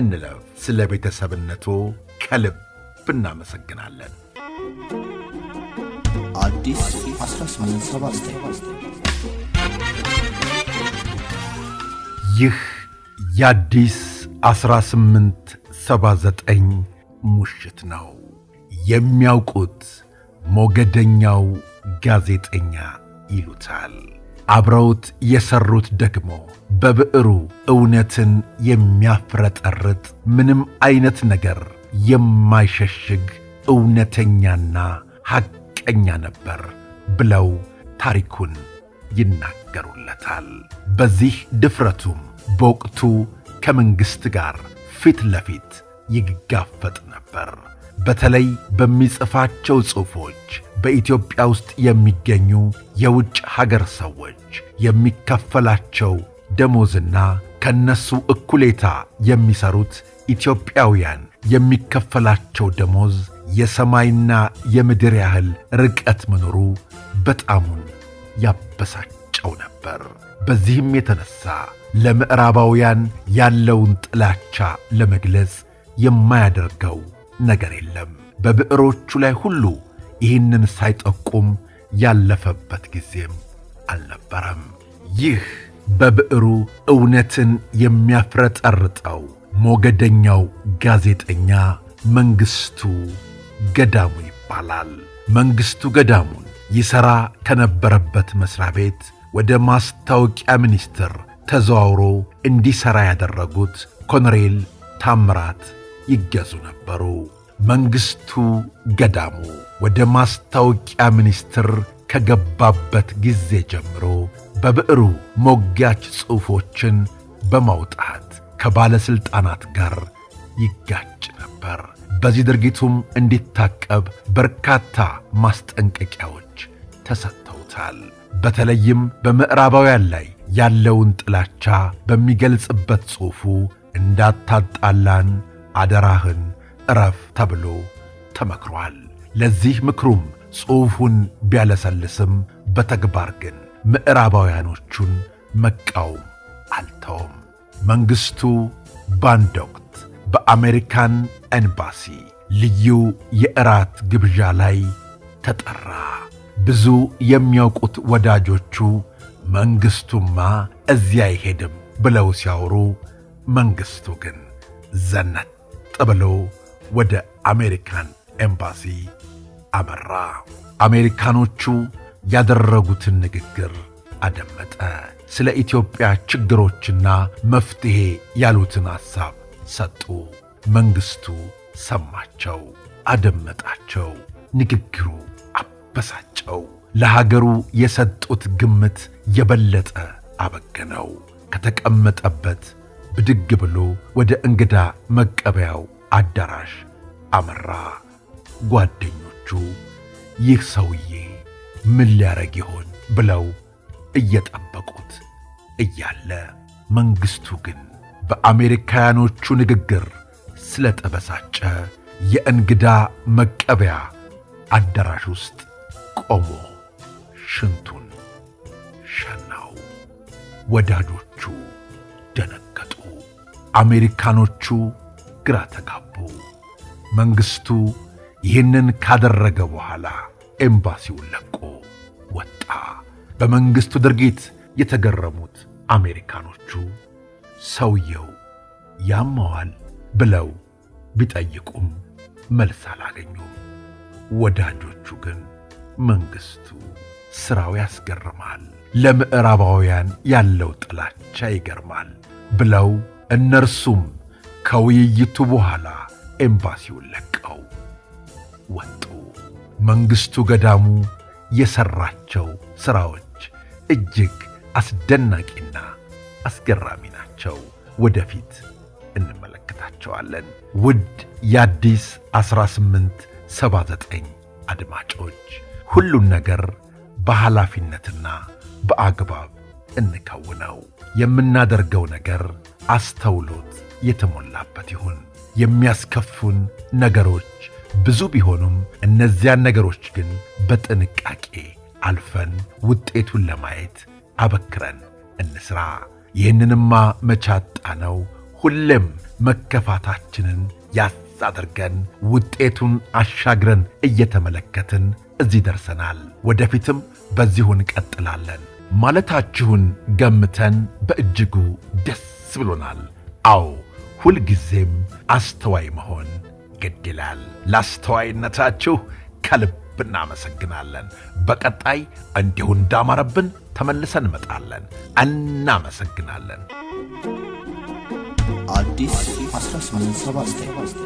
እንለፍ። ስለ ቤተሰብነቱ ከልብ እናመሰግናለን። ይህ የአዲስ 1879 ሙሽት ነው። የሚያውቁት ሞገደኛው ጋዜጠኛ ይሉታል። አብረውት የሠሩት ደግሞ በብዕሩ እውነትን የሚያፍረጠርጥ ምንም ዐይነት ነገር የማይሸሽግ እውነተኛና ሐቀኛ ነበር ብለው ታሪኩን ይናገሩለታል። በዚህ ድፍረቱም በወቅቱ ከመንግሥት ጋር ፊት ለፊት ይጋፈጥ ነበር። በተለይ በሚጽፋቸው ጽሑፎች በኢትዮጵያ ውስጥ የሚገኙ የውጭ ሀገር ሰዎች የሚከፈላቸው ደሞዝና ከነሱ እኩሌታ የሚሰሩት ኢትዮጵያውያን የሚከፈላቸው ደሞዝ የሰማይና የምድር ያህል ርቀት መኖሩ በጣሙን ያበሳጨው ነበር። በዚህም የተነሳ ለምዕራባውያን ያለውን ጥላቻ ለመግለጽ የማያደርገው ነገር የለም። በብዕሮቹ ላይ ሁሉ ይህንን ሳይጠቁም ያለፈበት ጊዜም አልነበረም። ይህ በብዕሩ እውነትን የሚያፍረጠርጠው ሞገደኛው ጋዜጠኛ መንግሥቱ ገዳሙ ይባላል። መንግሥቱ ገዳሙን ይሠራ ከነበረበት መሥሪያ ቤት ወደ ማስታወቂያ ሚኒስቴር ተዘዋውሮ እንዲሠራ ያደረጉት ኮሎኔል ታምራት ይገዙ ነበሩ። መንግሥቱ ገዳሙ ወደ ማስታወቂያ ሚኒስቴር ከገባበት ጊዜ ጀምሮ በብዕሩ ሞጋች ጽሑፎችን በማውጣት ከባለሥልጣናት ጋር ይጋጭ ነበር። በዚህ ድርጊቱም እንዲታቀብ በርካታ ማስጠንቀቂያዎች ተሰጥተውታል። በተለይም በምዕራባውያን ላይ ያለውን ጥላቻ በሚገልጽበት ጽሑፉ እንዳታጣላን አደራህን እረፍ ተብሎ ተመክሯል። ለዚህ ምክሩም ጽሑፉን ቢያለሰልስም በተግባር ግን ምዕራባውያኖቹን መቃወም አልተውም። መንግሥቱ በአንድ ወቅት በአሜሪካን ኤምባሲ ልዩ የእራት ግብዣ ላይ ተጠራ። ብዙ የሚያውቁት ወዳጆቹ መንግሥቱማ እዚያ አይሄድም ብለው ሲያወሩ፣ መንግሥቱ ግን ዘነት ብሎ ወደ አሜሪካን ኤምባሲ አመራ። አሜሪካኖቹ ያደረጉትን ንግግር አደመጠ። ስለ ኢትዮጵያ ችግሮችና መፍትሔ ያሉትን ሐሳብ ሰጡ። መንግሥቱ ሰማቸው፣ አደመጣቸው። ንግግሩ አበሳጨው። ለሀገሩ የሰጡት ግምት የበለጠ አበገነው። ከተቀመጠበት ብድግ ብሎ ወደ እንግዳ መቀበያው አዳራሽ አመራ። ጓደኛ ሆናችሁ ይህ ሰውዬ ምን ሊያረግ ይሆን ብለው እየጠበቁት እያለ መንግሥቱ ግን በአሜሪካውያኖቹ ንግግር ስለተበሳጨ የእንግዳ መቀበያ አዳራሽ ውስጥ ቆሞ ሽንቱን ሸናው። ወዳጆቹ ደነገጡ። አሜሪካኖቹ ግራ ተጋቡ። መንግሥቱ ይህንን ካደረገ በኋላ ኤምባሲውን ለቆ ወጣ። በመንግሥቱ ድርጊት የተገረሙት አሜሪካኖቹ ሰውየው ያመዋል ብለው ቢጠይቁም መልስ አላገኙም። ወዳጆቹ ግን መንግሥቱ ሥራው ያስገርማል፣ ለምዕራባውያን ያለው ጥላቻ ይገርማል ብለው እነርሱም ከውይይቱ በኋላ ኤምባሲውን ለቀ ወጡ። መንግሥቱ ገዳሙ የሠራቸው ሥራዎች እጅግ አስደናቂና አስገራሚ ናቸው። ወደፊት እንመለከታቸዋለን። ውድ የአዲስ 1879 አድማጮች ሁሉን ነገር በኃላፊነትና በአግባብ እንከውነው። የምናደርገው ነገር አስተውሎት የተሞላበት ይሁን። የሚያስከፉን ነገሮች ብዙ ቢሆኑም እነዚያን ነገሮች ግን በጥንቃቄ አልፈን ውጤቱን ለማየት አበክረን እንስራ። ይህንንማ መቻጣ ነው። ሁሌም መከፋታችንን ያስ አድርገን ውጤቱን አሻግረን እየተመለከትን እዚህ ደርሰናል፣ ወደፊትም በዚሁ እንቀጥላለን ማለታችሁን ገምተን በእጅጉ ደስ ብሎናል። አዎ ሁልጊዜም አስተዋይ መሆን ግድ ላስተዋይነታችሁ ከልብ እናመሰግናለን። በቀጣይ እንዲሁ እንዳማረብን ተመልሰን እንመጣለን። እናመሰግናለን። አዲስ 1879